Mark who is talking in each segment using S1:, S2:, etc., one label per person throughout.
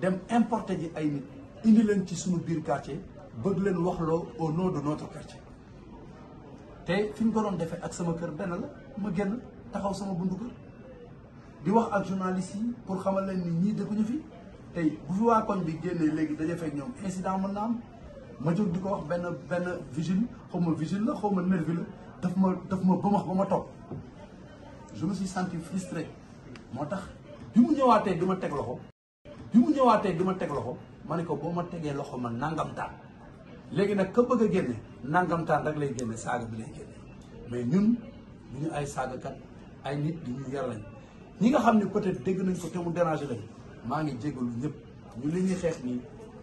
S1: dem importer ji ay nit indi ci suñu biir quartier bëgg leen waxloo au nom de notre quartier te fi ñu ko doon defee ak sama kër benn la ma génn taxaw sama bundu kër di wax ak journaliste yi pour xamal leen ni ñii dëkkuñu fi tey bu fi waa koñ bi génnee léegi daja fekk ñoom incident mën na am ma jóg di ko wax benn benn vigile xaw ma vigile la xaw ma nervi la daf ma ma bëmax ba ma toog je me suis senti frustré moo tax bi mu ñëwaatee di ma teg loxo bi mu ñëwaatee di ma teg loxo ma ne ko boo ma tegee loxo ma nangamtaan léegi nag ka bëgg a génne nangamtaan rek lay génne saaga bi lay génne mais ñun ñu ñu ay saagakat ay nit di ñu yar lañ ñi nga xam ne peut-être dégg nañ ko te mu dérangé lañ maa ngi jégalu ñëpp ñu li ñuy xeex nii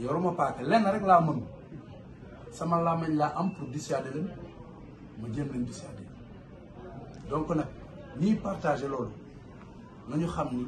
S1: yoruma paaka lenn rek laa mën sama làmmiñ laa am pour dissuader leen ma jëm leen dissuader donc nag ñiy partagé loolu nañu xam ni